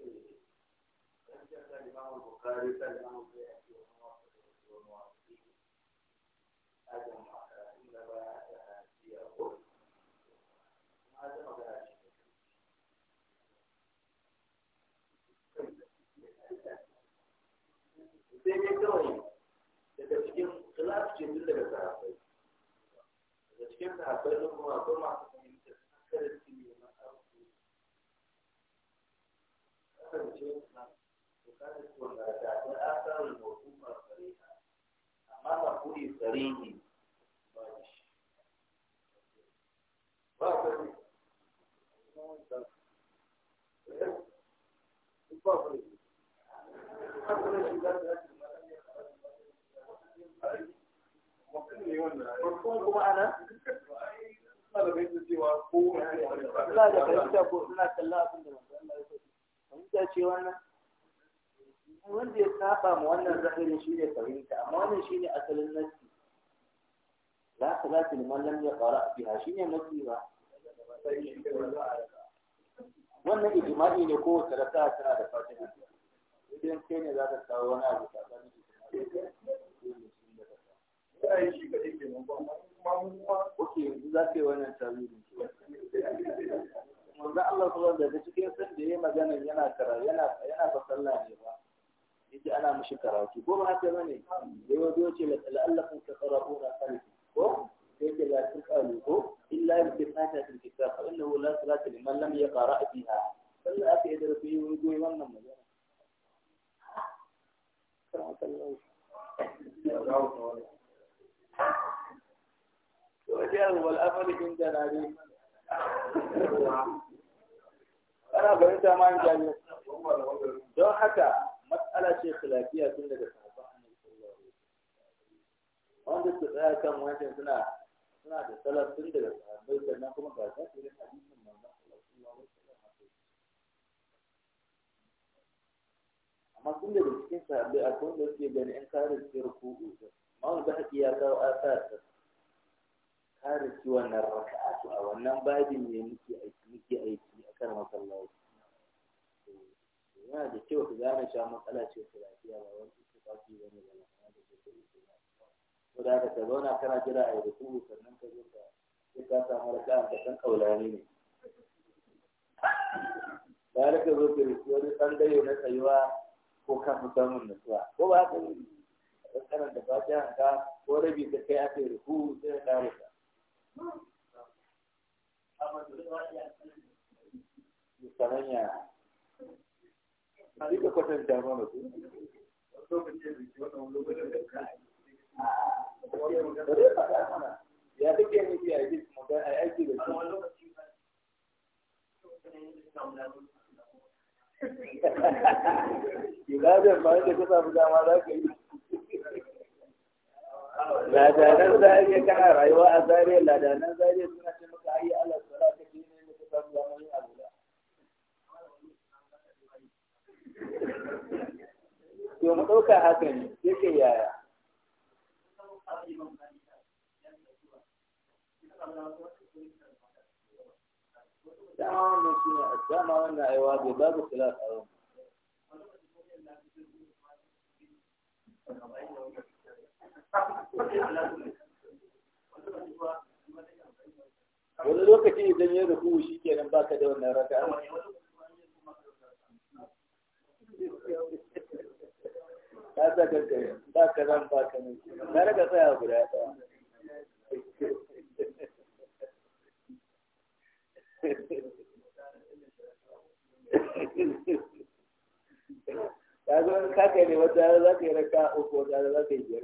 ƙarshen kalimawar bukari kalimawar da ya ce wani wasu da wani wasu a jama'a da ba da hajjiya ko ma da magana ce sai dai kawai za su ce tun daga sahabbai da cikin sahabbai ɗin kuma akwai masu fahimtar kada su yi masu kasance su kasance wanda da ta asarar hukumar sariha amma ba kuri sarihi ba da shi ba kuri ba kuri farkon kuma ana malamai ina da fahimta ko ina kalla abin da manzo Allah ya ce wannan wanda ya saba ma wannan zahirin shi ne fahimta amma wannan shi ne asalin nasi Za la salatu liman lam yaqra biha shi ne nasi ba wannan ijma'i ne ko wata raka'a tana da fatiha idan kai ne za ka kawo wani abu tsakanin yana yi shi kaɗai kuma kuma za ka yi wannan tarihi manzo Allah sallallahu alaihi daga cikin sun da yayi magana yana karatu yana yana ba ne ba yace ana mishi karatu ko ba haka bane da yau da yace la'allakum taqra'una khalfi ko yake la tuqalu ko illa bi fatihatil kitab fa innahu la salata liman lam yaqra biha aka yi da rufi wani goyi wannan magana wajen wal'amali inda na ne ana bayan samun jami'a don haka matsala ce khilafiya tun daga sahabba wanda su tsaya kan wancan suna da salaf tun daga sahabbai sannan kuma ga ta irin hadisin manzon Allah amma tun daga cikin akwai ganin kare su Imam baki ya kawo asa da ci kiwon raka'atu a wannan babin ne muke aiki muke aiki a kan masallaci yana da kyau ka gane cewa matsala ce ta lafiya ba wani ittifaqi bane ba na da ke da to da ka zauna kana jira a ruku sannan ka zo ka sai ka samu raka'a da kan kaulani ne da ka zo ka wani bangare na tsayuwa ko ka fi samun nutsuwa ko ba ka yi don da fatiha ka ko rabi ka kai aka yi ruku sai ka dawo ka sanan ya duka kwatanta mana su ya nufi a yi aiki da su ka samu dama za ka yi. ladanan zariya kana rayuwa a zariya ladanan zariya suna ce maka ayi Allah sala ta ji ne muka samu zamanin alula to mu dauka haka ne yake yaya dama wannan shi ne dama wannan aiwa bai babu khilaf a yau wani lokaci idan ya rufu shi kenan baka da wannan raka ka sa ba ka zan ba ka ne na raka tsaya guda ɗaya Ya zo ka ne wata za ka yi raka uku wata za ka yi biyar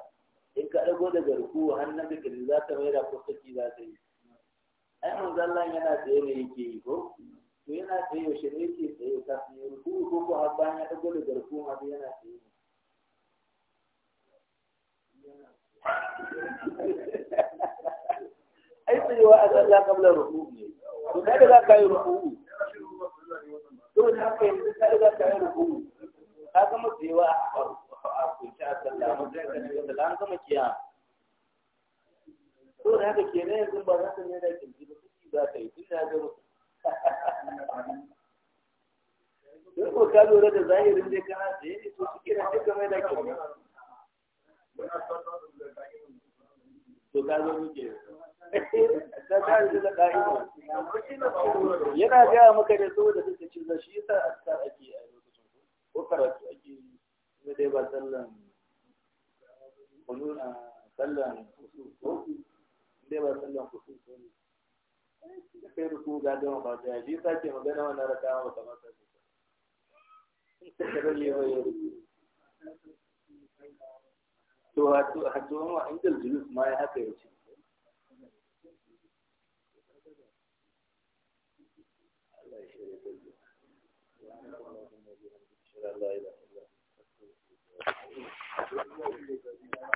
da garku har na ka kiri za ta maida ko saki za ta yi ai manzo Allah yana tsaye ne yake yi ko to yana tsaye yaushe ne yake tsaye kafin ya ruku ko ko har bayan ya dago da garku ma yana tsaye ne ai tsayewa a zalla kabla ruku ne to da za ka yi ruku to na haka yanzu kada za ka yi ruku ka gama tsayewa a farko a kunci a sallah mun zai ka ne da an gama kiyama so da haka kenan yanzu ba za ka ne da kirji ba kuki za ka yi tun da ga don ko ka lura da zahirin dai kana da ne to suke da cikin mai da kirji to ka zo muke ta ta da ƙa'ida yana gaya maka da saboda suka ci za shi yasa askar ake a lokacin ko karatu ake yi dai ba sallan sallan sai ba sallan kusur ko da kai ga shi magana wannan rakawa ba kamar ta kada ne ba yau to julus ma ya haka yace Allah ya shirya da Allah ya shirya da